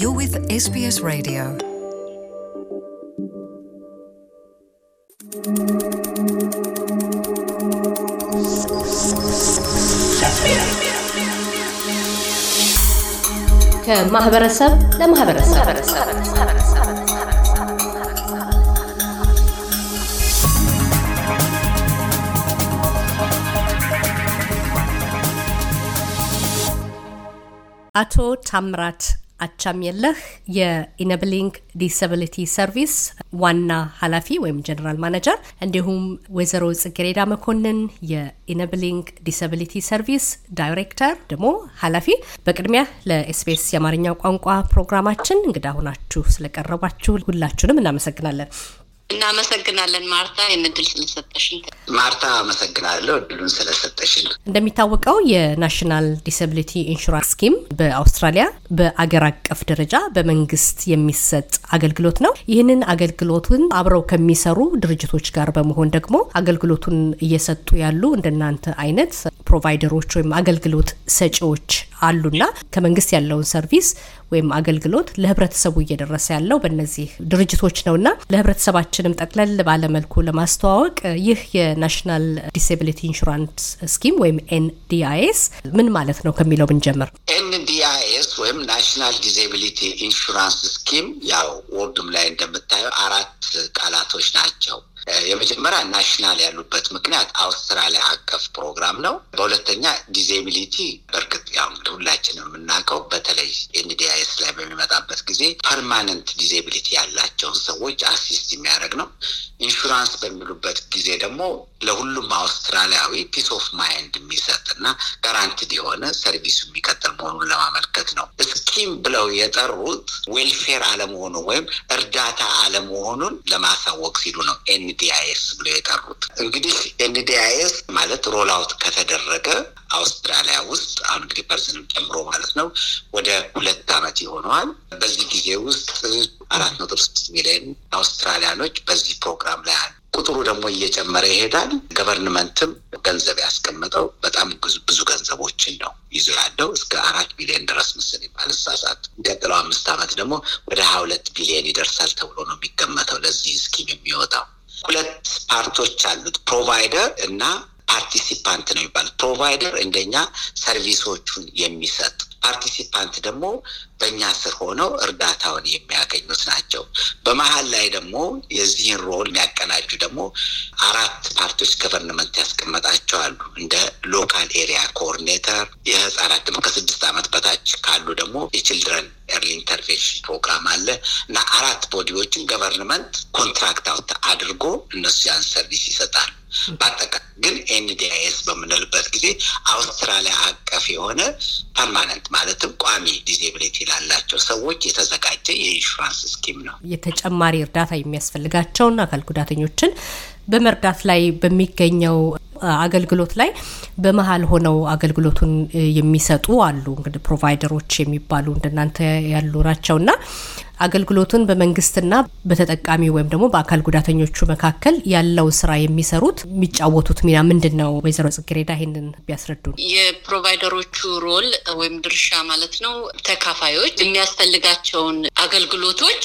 You're with SBS Radio. ከማህበረሰብ ለማህበረሰብ አቶ ታምራት አቻም የለህ የኢነብሊንግ ዲሰብሊቲ ሰርቪስ ዋና ኃላፊ ወይም ጀነራል ማናጀር እንዲሁም ወይዘሮ ጽጌሬዳ መኮንን የኢነብሊንግ ዲሰብሊቲ ሰርቪስ ዳይሬክተር ደግሞ ኃላፊ፣ በቅድሚያ ለኤስቢኤስ የአማርኛ ቋንቋ ፕሮግራማችን እንግዳ ስለቀረባችሁ ሁላችሁንም እናመሰግናለን። እናመሰግናለን ማርታ፣ የምድል ስለሰጠሽን። ማርታ አመሰግናለሁ እድሉን ስለሰጠሽን። እንደሚታወቀው የናሽናል ዲስብሊቲ ኢንሹራንስ ስኪም በአውስትራሊያ በአገር አቀፍ ደረጃ በመንግስት የሚሰጥ አገልግሎት ነው። ይህንን አገልግሎቱን አብረው ከሚሰሩ ድርጅቶች ጋር በመሆን ደግሞ አገልግሎቱን እየሰጡ ያሉ እንደናንተ አይነት ፕሮቫይደሮች ወይም አገልግሎት ሰጪዎች አሉና ከመንግስት ያለውን ሰርቪስ ወይም አገልግሎት ለህብረተሰቡ እየደረሰ ያለው በእነዚህ ድርጅቶች ነው እና ለህብረተሰባችንም ጠቅለል ባለመልኩ ለማስተዋወቅ ይህ የናሽናል ዲስብሊቲ ኢንሹራንስ ስኪም ወይም ኤንዲአይኤስ ምን ማለት ነው ከሚለው ብንጀምር ኤንዲአይኤስ ወይም ናሽናል ዲስብሊቲ ኢንሹራንስ ስኪም ያው ወርዱም ላይ እንደምታየው አራት ቃላቶች ናቸው። የመጀመሪያ ናሽናል ያሉበት ምክንያት አውስትራሊያ አቀፍ ፕሮግራም ነው። በሁለተኛ ዲዜቢሊቲ በእርግጥ ያው ሁላችን የምናውቀው በተለይ ኤንዲአይኤስ ላይ በሚመጣበት ጊዜ ፐርማነንት ዲዜቢሊቲ ያላቸውን ሰዎች አሲስት የሚያደርግ ነው። ኢንሹራንስ በሚሉበት ጊዜ ደግሞ ለሁሉም አውስትራሊያዊ ፒስ ኦፍ ማይንድ የሚሰጥ እና ጋራንቲድ የሆነ ሰርቪሱ የሚቀጥል መሆኑን ለማመልከት ነው። ስኪም ብለው የጠሩት ዌልፌር አለመሆኑን ወይም እርዳታ አለመሆኑን ለማሳወቅ ሲሉ ነው። ኤንዲአይኤስ ብለው የጠሩት እንግዲህ ኤንዲአይኤስ ማለት ሮል አውት ከተደረገ አውስትራሊያ ውስጥ አሁን እንግዲህ ፐርሰን ጨምሮ ማለት ነው ወደ ሁለት ዓመት ይሆነዋል። በዚህ ጊዜ ውስጥ አራት ነጥብ ስድስት ሚሊዮን አውስትራሊያኖች በዚህ ፕሮግራም ላይ አሉ። ቁጥሩ ደግሞ እየጨመረ ይሄዳል። ገቨርንመንትም ገንዘብ ያስቀመጠው በጣም ብዙ ገንዘቦችን ነው ይዞ ያለው እስከ አራት ቢሊዮን ድረስ ምስል ባልሳሳት። ቀጥለው አምስት ዓመት ደግሞ ወደ ሀያ ሁለት ቢሊዮን ይደርሳል ተብሎ ነው የሚገመተው ለዚህ ስኪም የሚወጣው ሁለት ፓርቶች አሉት። ፕሮቫይደር እና ፓርቲሲፓንት ነው የሚባሉት። ፕሮቫይደር እንደኛ ሰርቪሶቹን የሚሰጥ ፓርቲሲፓንት ደግሞ በእኛ ስር ሆነው እርዳታውን የሚያገኙት ናቸው። በመሀል ላይ ደግሞ የዚህን ሮል የሚያቀናጁ ደግሞ አራት ፓርቲዎች ገቨርንመንት ያስቀመጣቸው አሉ። እንደ ሎካል ኤሪያ ኮኦርዲኔተር፣ የህፃናት ደግሞ ከስድስት ዓመት በታች ካሉ ደግሞ የችልድረን ኤርሊ ኢንተርቬንሽን ፕሮግራም አለ እና አራት ቦዲዎችን ገቨርንመንት ኮንትራክት አውት አድርጎ እነሱ ያን ሰርቪስ ይሰጣሉ። በአጠቃላይ ግን ኤንዲአይኤስ በምንልበት ጊዜ አውስትራሊያ አቀፍ የሆነ ፐርማነንት ማለትም ቋሚ ዲዚብሊቲ ላላቸው ሰዎች የተዘጋጀ የኢንሹራንስ ስኪም ነው። የተጨማሪ እርዳታ የሚያስፈልጋቸውና አካል ጉዳተኞችን በመርዳት ላይ በሚገኘው አገልግሎት ላይ በመሀል ሆነው አገልግሎቱን የሚሰጡ አሉ። እንግዲህ ፕሮቫይደሮች የሚባሉ እንደናንተ ያሉ ናቸውና አገልግሎቱን በመንግስትና በተጠቃሚ ወይም ደግሞ በአካል ጉዳተኞቹ መካከል ያለው ስራ የሚሰሩት የሚጫወቱት ሚና ምንድን ነው? ወይዘሮ ጽጌሬዳ ይህንን ቢያስረዱ። የፕሮቫይደሮቹ ሮል ወይም ድርሻ ማለት ነው ተካፋዮች የሚያስፈልጋቸውን አገልግሎቶች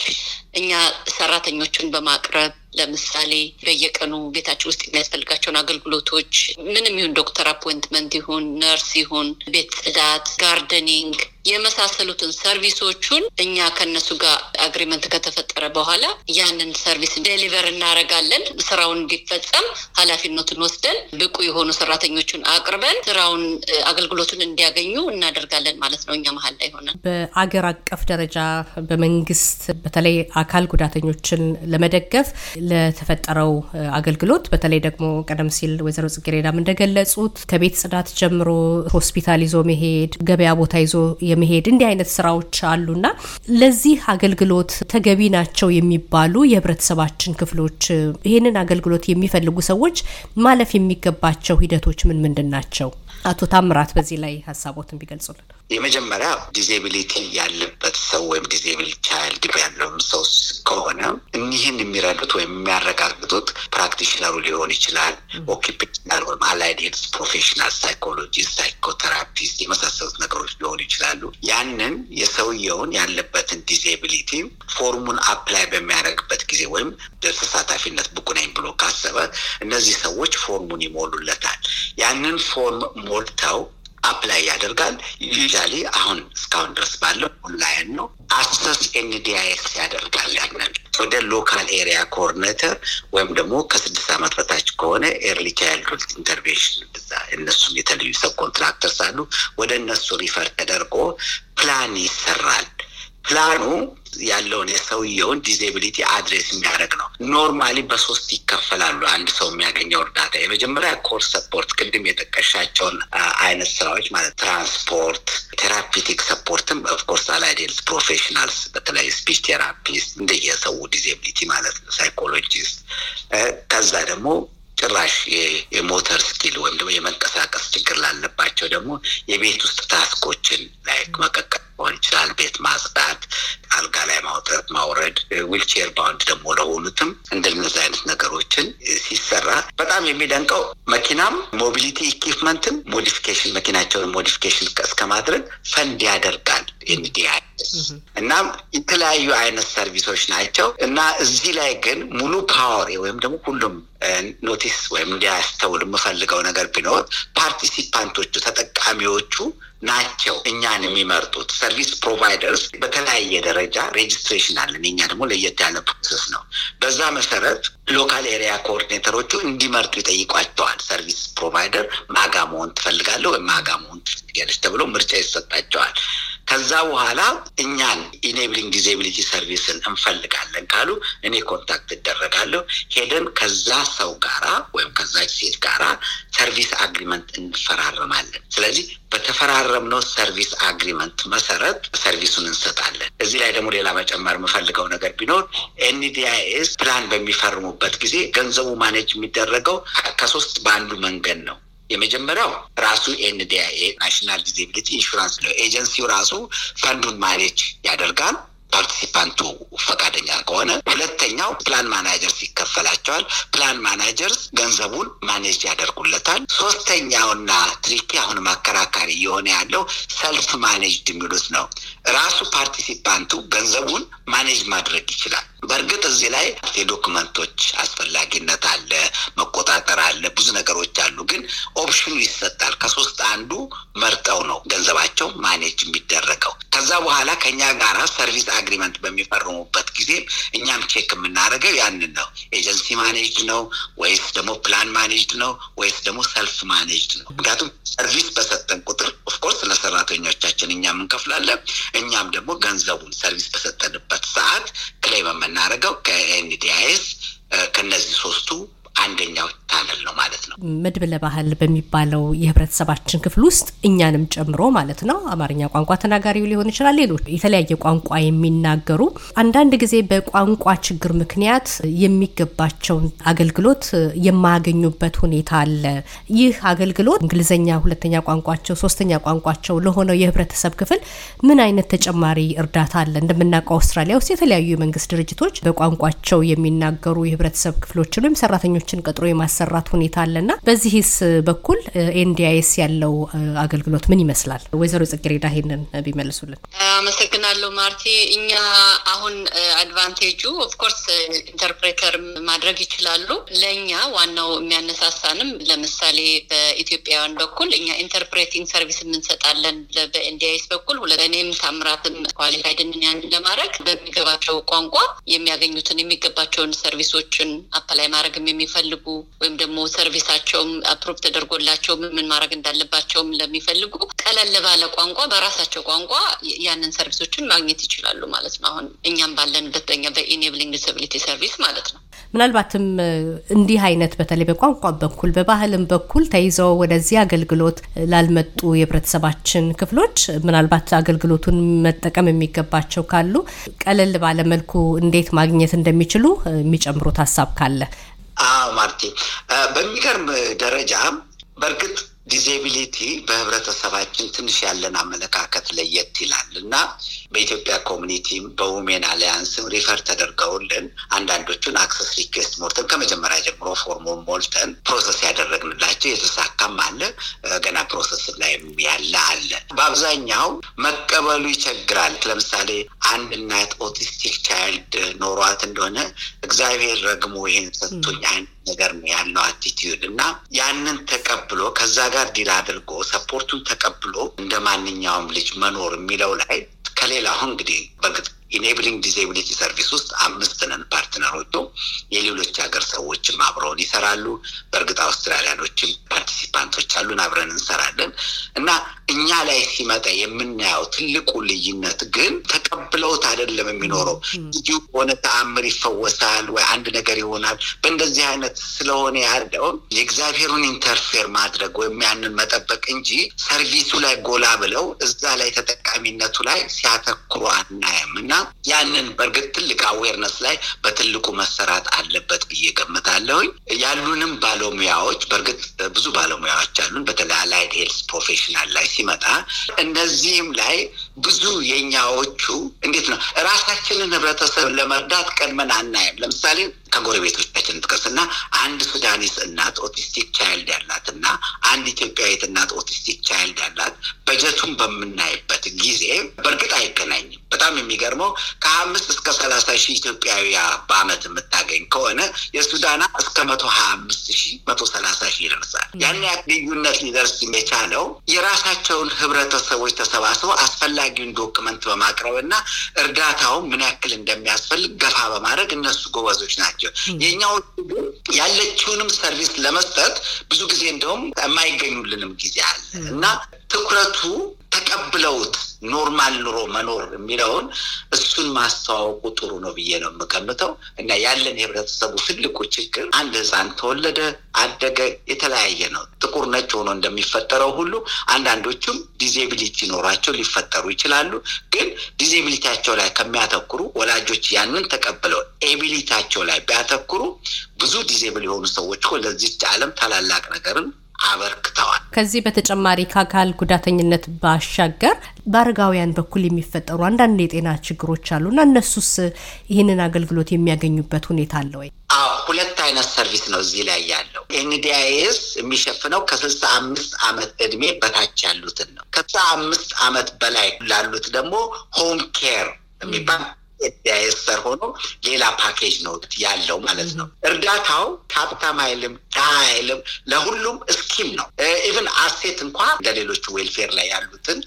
እኛ ሰራተኞቹን በማቅረብ ለምሳሌ በየቀኑ ቤታችን ውስጥ የሚያስፈልጋቸውን አገልግሎቶች ምንም ይሁን ዶክተር አፖይንትመንት ይሁን ነርስ ይሁን ቤት ጽዳት፣ ጋርደኒንግ የመሳሰሉትን ሰርቪሶቹን እኛ ከነሱ ጋር አግሪመንት ከተፈጠረ በኋላ ያንን ሰርቪስ ዴሊቨር እናደርጋለን። ስራውን እንዲፈጸም ኃላፊነቱን ወስደን ብቁ የሆኑ ሰራተኞችን አቅርበን ስራውን አገልግሎቱን እንዲያገኙ እናደርጋለን ማለት ነው። እኛ መሀል ላይ ሆነ በአገር አቀፍ ደረጃ በመንግስት በተለይ አካል ጉዳተኞችን ለመደገፍ ለተፈጠረው አገልግሎት በተለይ ደግሞ ቀደም ሲል ወይዘሮ ጽጌሬዳም እንደገለጹት ከቤት ጽዳት ጀምሮ ሆስፒታል ይዞ መሄድ፣ ገበያ ቦታ ይዞ የመሄድ እንዲህ አይነት ስራዎች አሉና ለዚህ አገልግሎት ተገቢ ናቸው የሚባሉ የህብረተሰባችን ክፍሎች ይህንን አገልግሎት የሚፈልጉ ሰዎች ማለፍ የሚገባቸው ሂደቶች ምን ምንድን ናቸው? አቶ ታምራት በዚህ ላይ ሀሳቦትን ቢገልጹልን። የመጀመሪያ ዲዜቢሊቲ ያለበት ሰው ወይም ዲዜብል ቻይልድ ያለውም ሰው ከሆነ የሚረዱት ወይም የሚያረጋግጡት ፕራክቲሽነሩ ሊሆን ይችላል። ኦኪፔሽናል ወይም አላይድ ሄልት ፕሮፌሽናል፣ ሳይኮሎጂስት፣ ሳይኮቴራፒስት የመሳሰሉት ነገሮች ሊሆኑ ይችላሉ። ያንን የሰውየውን ያለበትን ዲዜቢሊቲ ፎርሙን አፕላይ በሚያደርግበት ጊዜ ወይም ተሳታፊነት ብቁ ነኝ ብሎ ካሰበ እነዚህ ሰዎች ፎርሙን ይሞሉለታል። ያንን ፎርም ሞልተው አፕላይ ያደርጋል። ዩዛሊ አሁን እስካሁን ድረስ ባለው ኦንላይን ነው። አክሰስ ኤንዲአይኤስ ያደርጋል። ያንን ወደ ሎካል ኤሪያ ኮኦርዲኔተር ወይም ደግሞ ከስድስት ዓመት በታች ከሆነ ኤርሊ ቻይልድሁድ ኢንተርቬንሽን ብዛ እነሱም የተለዩ ሰብ ኮንትራክተርስ አሉ። ወደ እነሱ ሪፈር ተደርጎ ፕላን ይሰራል። ፕላኑ ያለውን የሰውየውን ዲዜብሊቲ አድሬስ የሚያደርግ ነው። ኖርማሊ በሶስት ይከፈላሉ። አንድ ሰው የሚያገኘው እርዳታ የመጀመሪያ ኮር ሰፖርት፣ ቅድም የጠቀሻቸውን አይነት ስራዎች ማለት ትራንስፖርት፣ ቴራፒቲክ ሰፖርትም ኦፍኮርስ አላይድ ፕሮፌሽናልስ በተለይ ስፒች ቴራፒስት እንደየሰው ዲዜብሊቲ ማለት ነው፣ ሳይኮሎጂስት። ከዛ ደግሞ ጭራሽ የሞተር ስኪል ወይም ደግሞ የመንቀሳቀስ ችግር ላለባቸው ደግሞ የቤት ውስጥ ታስኮችን ላይ መቀቀል ሊሆን ይችላል። ቤት ማጽዳት፣ አልጋ ላይ ማውጣት ማውረድ፣ ዊልቼር ባንድ ደግሞ ለሆኑትም እንደነዚህ አይነት ነገሮችን ሲሰራ በጣም የሚደንቀው መኪናም ሞቢሊቲ ኢኪፕመንትም ሞዲፊኬሽን መኪናቸውን ሞዲፊኬሽን እስከ ማድረግ ፈንድ ያደርጋል ኤንዲአይኤስ። እና የተለያዩ አይነት ሰርቪሶች ናቸው እና እዚህ ላይ ግን ሙሉ ፓወር ወይም ደግሞ ሁሉም ኖቲስ ወይም እንዲያስተውል የምፈልገው ነገር ቢኖር ፓርቲሲፓንቶቹ ተጠቃሚዎቹ ናቸው እኛን የሚመርጡት። ሰርቪስ ፕሮቫይደርስ በተለያየ ደረጃ ሬጅስትሬሽን አለን። እኛ ደግሞ ለየት ያለ ፕሮሰስ ነው። በዛ መሰረት ሎካል ኤሪያ ኮኦርዲኔተሮቹ እንዲመርጡ ይጠይቋቸዋል። ሰርቪስ ፕሮቫይደር ማጋ መሆን ትፈልጋለሁ ወይም ማጋ መሆን ትፈልጋለች ተብሎ ምርጫ ይሰጣቸዋል። ከዛ በኋላ እኛን ኢኔብሊንግ ዲዜብሊቲ ሰርቪስን እንፈልጋለን ካሉ እኔ ኮንታክት እደረጋለሁ። ሄደን ከዛ ሰው ጋራ ወይም ከዛ ሴት ጋራ ሰርቪስ አግሪመንት እንፈራረማለን። ስለዚህ በተፈራረምነው ሰርቪስ አግሪመንት መሰረት ሰርቪሱን እንሰጣለን። እዚህ ላይ ደግሞ ሌላ መጨመር የምፈልገው ነገር ቢኖር ኤንዲአይኤስ ፕላን በሚፈርሙበት ጊዜ ገንዘቡ ማኔጅ የሚደረገው ከሶስት በአንዱ መንገድ ነው። የመጀመሪያው ራሱ ኤንዲአይኤ ናሽናል ዲዚብሊቲ ኢንሹራንስ ነው። ኤጀንሲው ራሱ ፈንዱን ማኔጅ ያደርጋል። ፓርቲሲፓንቱ ፈቃደኛ ከሆነ። ሁለተኛው ፕላን ማናጀርስ ይከፈላቸዋል። ፕላን ማናጀርስ ገንዘቡን ማኔጅ ያደርጉለታል። ሶስተኛውና ትሪኪ አሁን ማከራካሪ የሆነ ያለው ሰልፍ ማኔጅድ የሚሉት ነው። ራሱ ፓርቲሲፓንቱ ገንዘቡን ማኔጅ ማድረግ ይችላል። በእርግጥ እዚህ ላይ የዶክመንቶች አስፈላጊነት አለ፣ መቆጣጠር አለ፣ ብዙ ነገሮች አሉ። ግን ኦፕሽኑ ይሰጣል። ከሶስት አንዱ መርጠው ነው ገንዘባቸው ማኔጅ የሚደረገው። ከዛ በኋላ ከኛ ጋራ ሰርቪስ አግሪመንት በሚፈርሙበት ጊዜ እኛም ቼክ የምናደርገው ያንን ነው። ኤጀንሲ ማኔጅድ ነው ወይስ ደግሞ ፕላን ማኔጅድ ነው ወይስ ደግሞ ሰልፍ ማኔጅድ ነው? ምክንያቱም ሰርቪስ በሰጠን ቁጥር ኦፍኮርስ ለሰራተኞቻችን እኛም እንከፍላለን። እኛም ደግሞ ገንዘቡን ሰርቪስ በሰጠንበት ሰዓት ክሌም የምናደርገው ከኤንዲአይስ ከነዚህ ሶስቱ አንደኛው ታለል ነው ማለት ነው። መድብለ ባህል በሚባለው የህብረተሰባችን ክፍል ውስጥ እኛንም ጨምሮ ማለት ነው አማርኛ ቋንቋ ተናጋሪው ሊሆን ይችላል፣ ሌሎች የተለያየ ቋንቋ የሚናገሩ አንዳንድ ጊዜ በቋንቋ ችግር ምክንያት የሚገባቸውን አገልግሎት የማያገኙበት ሁኔታ አለ። ይህ አገልግሎት እንግሊዝኛ ሁለተኛ ቋንቋቸው፣ ሶስተኛ ቋንቋቸው ለሆነው የህብረተሰብ ክፍል ምን አይነት ተጨማሪ እርዳታ አለ? እንደምናውቀው አውስትራሊያ ውስጥ የተለያዩ የመንግስት ድርጅቶች በቋንቋቸው የሚናገሩ የህብረተሰብ ክፍሎችን ወይም ሰራተኞች ሰራተኞችን ቀጥሮ የማሰራት ሁኔታ አለና በዚህስ በኩል ኤንዲአይኤስ ያለው አገልግሎት ምን ይመስላል? ወይዘሮ ጽጌሬዳ ይሄንን ቢመልሱልን። አመሰግናለሁ ማርቴ። እኛ አሁን አድቫንቴጁ ኦፍኮርስ ኢንተርፕሬተር ማድረግ ይችላሉ። ለእኛ ዋናው የሚያነሳሳንም ለምሳሌ በኢትዮጵያውያን በኩል እኛ ኢንተርፕሬቲንግ ሰርቪስ የምንሰጣለን በኤንዲአይኤስ በኩል እኔም ታምራትም ኳሊፋይድን ለማድረግ በሚገባቸው ቋንቋ የሚያገኙትን የሚገባቸውን ሰርቪሶችን አፕላይ ማድረግም የሚ ለሚፈልጉ ወይም ደግሞ ሰርቪሳቸውም አፕሮቭ ተደርጎላቸው ምን ማድረግ እንዳለባቸውም ለሚፈልጉ ቀለል ባለ ቋንቋ በራሳቸው ቋንቋ ያንን ሰርቪሶችን ማግኘት ይችላሉ ማለት ነው። አሁን እኛም ባለንበት በኛ በኢኔብሊንግ ዲስብሊቲ ሰርቪስ ማለት ነው። ምናልባትም እንዲህ አይነት በተለይ በቋንቋ በኩል በባህልም በኩል ተይዘው ወደዚህ አገልግሎት ላልመጡ የህብረተሰባችን ክፍሎች ምናልባት አገልግሎቱን መጠቀም የሚገባቸው ካሉ ቀለል ባለ መልኩ እንዴት ማግኘት እንደሚችሉ የሚጨምሩት ሀሳብ ካለ አዎ ማርቴ፣ በሚገርም ደረጃ በእርግጥ ዲዜቢሊቲ በህብረተሰባችን ትንሽ ያለን አመለካከት ለየት ይላል እና በኢትዮጵያ ኮሚኒቲም በውሜን አሊያንስም ሪፈር ተደርገውልን አንዳንዶቹን አክሰስ ሪኩዌስት ሞልተን ከመጀመሪያ ጀምሮ ፎርሙን ሞልተን ፕሮሰስ ያደረግንላቸው የተሳካም አለ፣ ገና ፕሮሰስ ላይም ያለ አለ። በአብዛኛው መቀበሉ ይቸግራል። ለምሳሌ አንድ እናት ኦቲስቲክ ቻይልድ ኖሯት እንደሆነ እግዚአብሔር ረግሞ ይህን ሰጥቶኝ ነገር ነው ያለው አቲቲዩድ እና ያንን ተቀብሎ ከዛ ጋር ዲል አድርጎ ሰፖርቱን ተቀብሎ እንደ ማንኛውም ልጅ መኖር የሚለው ላይ አሁን እንግዲህ በእርግጥ ኢኔብሊንግ ዲዜብሊቲ ሰርቪስ ውስጥ አምስት ነን ፓርትነሮቹ። የሌሎች ሀገር ሰዎችም አብረውን ይሰራሉ። በእርግጥ አውስትራሊያኖችም ፓርቲሲፓንቶች አሉን፣ አብረን እንሰራለን እና እኛ ላይ ሲመጣ የምናየው ትልቁ ልዩነት ግን ተቀብለውት አይደለም የሚኖረው። እጅ ሆነ ተአምር ይፈወሳል ወይ አንድ ነገር ይሆናል። በእንደዚህ አይነት ስለሆነ ያለውን የእግዚአብሔሩን ኢንተርፌር ማድረግ ወይም ያንን መጠበቅ እንጂ ሰርቪሱ ላይ ጎላ ብለው እዛ ላይ ተጠቃሚነቱ ላይ ሲያተኩሩ አናየም እና ያንን በእርግጥ ትልቅ አዌርነስ ላይ በትልቁ መሰራት አለበት ብዬ ገምታለሁኝ። ያሉንም ባለሙያዎች በእርግጥ ብዙ ባለሙያዎች አሉን፣ በተለይ አላይድ ሄልስ ፕሮፌሽናል ላይ ሲመጣ እነዚህም ላይ ብዙ የኛዎቹ እንዴት ነው ራሳችንን ህብረተሰብ ለመርዳት ቀድመን አናየም። ለምሳሌ ከጎረቤቶቻችን ጥቀስና አንድ ሱዳኒስ እናት ኦቲስቲክ ቻይልድ ያላት እና አንድ ኢትዮጵያዊት እናት ኦቲስቲክ ቻይልድ ያላት በጀቱን በምናይበት በሚሄድበት ጊዜ በእርግጥ አይገናኝም። በጣም የሚገርመው ከአምስት እስከ ሰላሳ ሺህ ኢትዮጵያዊ በአመት የምታገኝ ከሆነ የሱዳና እስከ መቶ ሀያ አምስት ሺህ መቶ ሰላሳ ሺህ ይደርሳል። ያን ያህል ልዩነት ሊደርስ የቻለው የራሳቸውን ህብረተሰቦች ተሰባስበው አስፈላጊውን ዶክመንት በማቅረብ እና እርዳታውን ምን ያክል እንደሚያስፈልግ ገፋ በማድረግ እነሱ ጎበዞች ናቸው። የኛው ያለችውንም ሰርቪስ ለመስጠት ብዙ ጊዜ እንደውም የማይገኙልንም ጊዜ አለ እና ትኩረቱ ተቀብለውት ኖርማል ኑሮ መኖር የሚለውን እሱን ማስተዋወቁ ጥሩ ነው ብዬ ነው የምገምተው። እና ያለን የህብረተሰቡ ትልቁ ችግር አንድ ህፃን ተወለደ፣ አደገ፣ የተለያየ ነው። ጥቁር ነጭ ሆኖ እንደሚፈጠረው ሁሉ አንዳንዶቹም ዲዜቢሊቲ ኖሯቸው ሊፈጠሩ ይችላሉ። ግን ዲዜቢሊቲያቸው ላይ ከሚያተኩሩ ወላጆች ያንን ተቀብለው ኤቢሊቲያቸው ላይ ቢያተኩሩ ብዙ ዲዜብል የሆኑ ሰዎች ለዚች ዓለም ታላላቅ ነገርን አበርክተዋል። ከዚህ በተጨማሪ ከአካል ጉዳተኝነት ባሻገር በአረጋውያን በኩል የሚፈጠሩ አንዳንድ የጤና ችግሮች እና እነሱስ ይህንን አገልግሎት የሚያገኙበት ሁኔታ አለ ወይ? አዎ፣ ሁለት አይነት ሰርቪስ ነው እዚህ ላይ ያለው። ኤንዲአይኤስ የሚሸፍነው ከስልሳ አምስት አመት እድሜ በታች ያሉትን ነው። ከስልሳ አምስት አመት በላይ ላሉት ደግሞ ሆም ኬር የሚባል ኤንዲአይኤስ ሰር ሆኖ ሌላ ፓኬጅ ነው ያለው ማለት ነው። እርዳታው ካፕታማይልም አይልም። ለሁሉም እስኪም ነው። ኢቨን አሴት እንኳን ለሌሎቹ ዌልፌር ላይ ያሉትን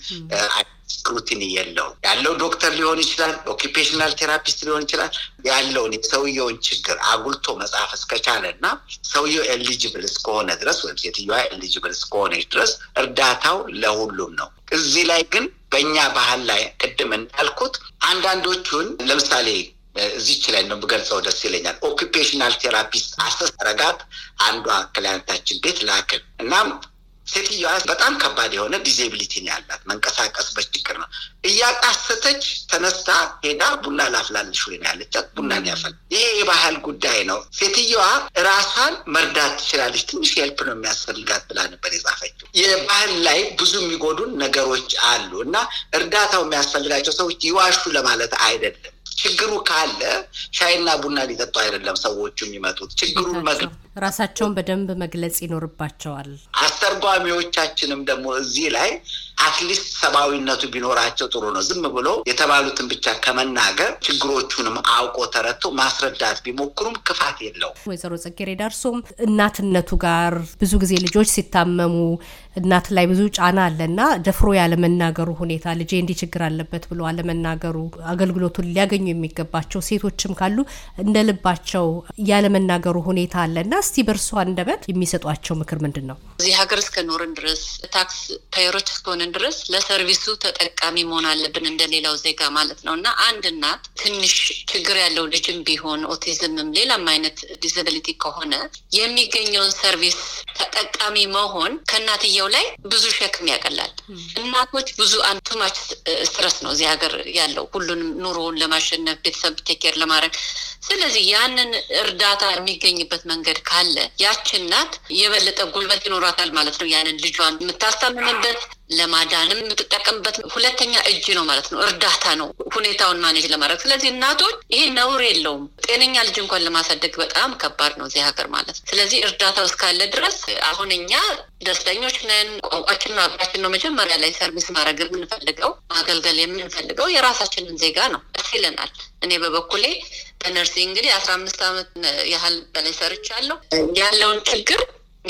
ስክሩቲኒ የለው ያለው ዶክተር ሊሆን ይችላል፣ ኦኪፔሽናል ቴራፒስት ሊሆን ይችላል። ያለውን የሰውየውን ችግር አጉልቶ መጻፍ እስከቻለ እና ሰውየው ኤሊጅብል እስከሆነ ድረስ ወይም ሴትዮዋ ኤሊጅብል እስከሆነች ድረስ እርዳታው ለሁሉም ነው። እዚህ ላይ ግን በእኛ ባህል ላይ ቅድም እንዳልኩት አንዳንዶቹን ለምሳሌ እዚች ላይ ነው የምገልጸው፣ ደስ ይለኛል። ኦኪፔሽናል ቴራፒስት አሰስ አረጋት አንዷ ክላይንታችን ቤት ላክል እናም ሴትዮዋ በጣም ከባድ የሆነ ዲዜቢሊቲ ነው ያላት። መንቀሳቀስ በችግር ነው እያቃሰተች ተነስታ ሄዳ ቡና ላፍላልሽ ወይ ነው ያለቻት። ቡና ያፈል። ይሄ የባህል ጉዳይ ነው። ሴትዮዋ ራሷን መርዳት ትችላለች፣ ትንሽ ሄልፕ ነው የሚያስፈልጋት ብላ ነበር የጻፈችው። የባህል ላይ ብዙ የሚጎዱን ነገሮች አሉ እና እርዳታው የሚያስፈልጋቸው ሰዎች ይዋሹ ለማለት አይደለም ችግሩ ካለ ሻይና ቡና ሊጠጡ አይደለም ሰዎቹ የሚመጡት። ችግሩን ራሳቸውን በደንብ መግለጽ ይኖርባቸዋል። አስተርጓሚዎቻችንም ደግሞ እዚህ ላይ አትሊስት ሰብአዊነቱ ቢኖራቸው ጥሩ ነው። ዝም ብሎ የተባሉትን ብቻ ከመናገር ችግሮቹንም አውቆ ተረቶ ማስረዳት ቢሞክሩም ክፋት የለውም። ወይዘሮ ጽጌሬዳ እርሶም እናትነቱ ጋር ብዙ ጊዜ ልጆች ሲታመሙ እናት ላይ ብዙ ጫና አለና ደፍሮ ያለመናገሩ ሁኔታ ልጄ እንዲህ ችግር አለበት ብሎ አለመናገሩ አገልግሎቱን ሊያገኙ የሚገባቸው ሴቶችም ካሉ እንደ ልባቸው ያለመናገሩ ሁኔታ አለና እስቲ በእርሷ አንደበት የሚሰጧቸው ምክር ምንድን ነው? እዚህ ሀገር እስከኖርን ድረስ ታክስ ፓየሮች እስከሆነ እስከሆንን ድረስ ለሰርቪሱ ተጠቃሚ መሆን አለብን እንደሌላው ዜጋ ማለት ነው እና አንድ እናት ትንሽ ችግር ያለው ልጅም ቢሆን ኦቲዝምም፣ ሌላም አይነት ዲስብሊቲ ከሆነ የሚገኘውን ሰርቪስ ተጠቃሚ መሆን ከእናትየው ላይ ብዙ ሸክም ያቀላል። እናቶች ብዙ አንቱማች ስትረስ ነው እዚህ ሀገር ያለው ሁሉንም ኑሮውን ለማሸነፍ ቤተሰብ ቴኬር ለማድረግ ስለዚህ ያንን እርዳታ የሚገኝበት መንገድ ካለ ያች እናት የበለጠ ጉልበት ይኖራታል ማለት ነው። ያንን ልጇን የምታስታምምበት ለማዳንም የምትጠቀምበት ሁለተኛ እጅ ነው ማለት ነው። እርዳታ ነው ሁኔታውን ማኔጅ ለማድረግ። ስለዚህ እናቶች ይሄ ነውር የለውም። ጤነኛ ልጅ እንኳን ለማሳደግ በጣም ከባድ ነው እዚህ ሀገር ማለት ነው። ስለዚህ እርዳታው እስካለ ድረስ አሁን እኛ ደስተኞች ነን። ቋንቋችን ነው ሀገራችን ነው። መጀመሪያ ላይ ሰርቪስ ማድረግ የምንፈልገው ማገልገል የምንፈልገው የራሳችንን ዜጋ ነው። ደስ ይለናል። እኔ በበኩሌ በነርሲንግ እንግዲህ አስራ አምስት ዓመት ያህል በላይ ሰርቻለሁ። ያለውን ችግር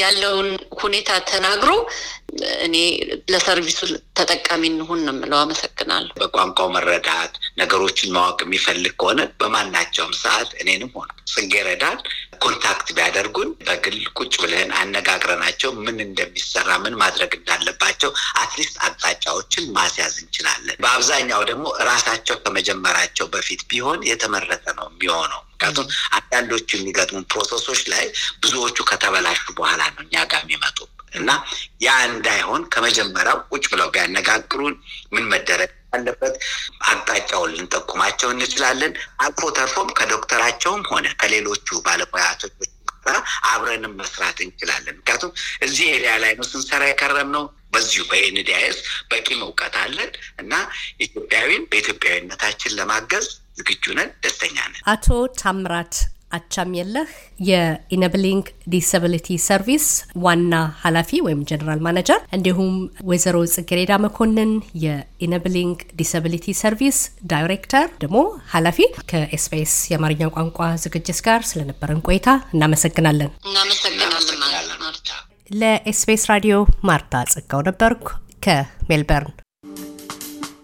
ያለውን ሁኔታ ተናግሮ እኔ ለሰርቪሱ ተጠቃሚ እንሁን ነው የምለው። አመሰግናለሁ። በቋንቋው መረዳት ነገሮችን ማወቅ የሚፈልግ ከሆነ በማናቸውም ሰዓት እኔንም ሆነ ጽጌረዳን ኮንታክት ቢያደርጉን በግል ቁጭ ብለን አነጋግረናቸው ምን እንደሚሰራ ምን ማድረግ እንዳለባቸው አትሊስት አቅጣጫዎችን ማስያዝ እንችላለን። በአብዛኛው ደግሞ ራሳቸው ከመጀመራቸው በፊት ቢሆን የተመረጠ ነው የሚሆነው። ምክንያቱም አንዳንዶቹ የሚገጥሙ ፕሮሰሶች ላይ ብዙዎቹ ከተበላሹ በኋላ ነው እኛ ጋር የሚመጡ። እና ያ እንዳይሆን ከመጀመሪያው ቁጭ ብለው ቢያነጋግሩ ምን መደረግ አለበት አቅጣጫውን ልንጠቁማቸው እንችላለን። አልፎ ተርፎም ከዶክተራቸውም ሆነ ከሌሎቹ ባለሙያቶች ጋር አብረንም መስራት እንችላለን። ምክንያቱም እዚህ ኤሪያ ላይ ነው ስንሰራ የከረም ነው። በዚሁ በኤንዲያስ በቂም እውቀት አለን እና ኢትዮጵያዊን በኢትዮጵያዊነታችን ለማገዝ ዝግጁ ነን፣ ደስተኛ ነን። አቶ ታምራት አቻም የለህ የኢነብሊንግ ዲሰብሊቲ ሰርቪስ ዋና ኃላፊ ወይም ጀነራል ማናጀር እንዲሁም ወይዘሮ ጽጌሬዳ መኮንን የኢነብሊንግ ዲሰብሊቲ ሰርቪስ ዳይሬክተር ደግሞ ኃላፊ ከኤስፔስ የአማርኛ ቋንቋ ዝግጅት ጋር ስለነበረን ቆይታ እናመሰግናለን። እናመሰግናለን። ራዲዮ ማርታ ጽጋው ነበርኩ ከሜልበርን።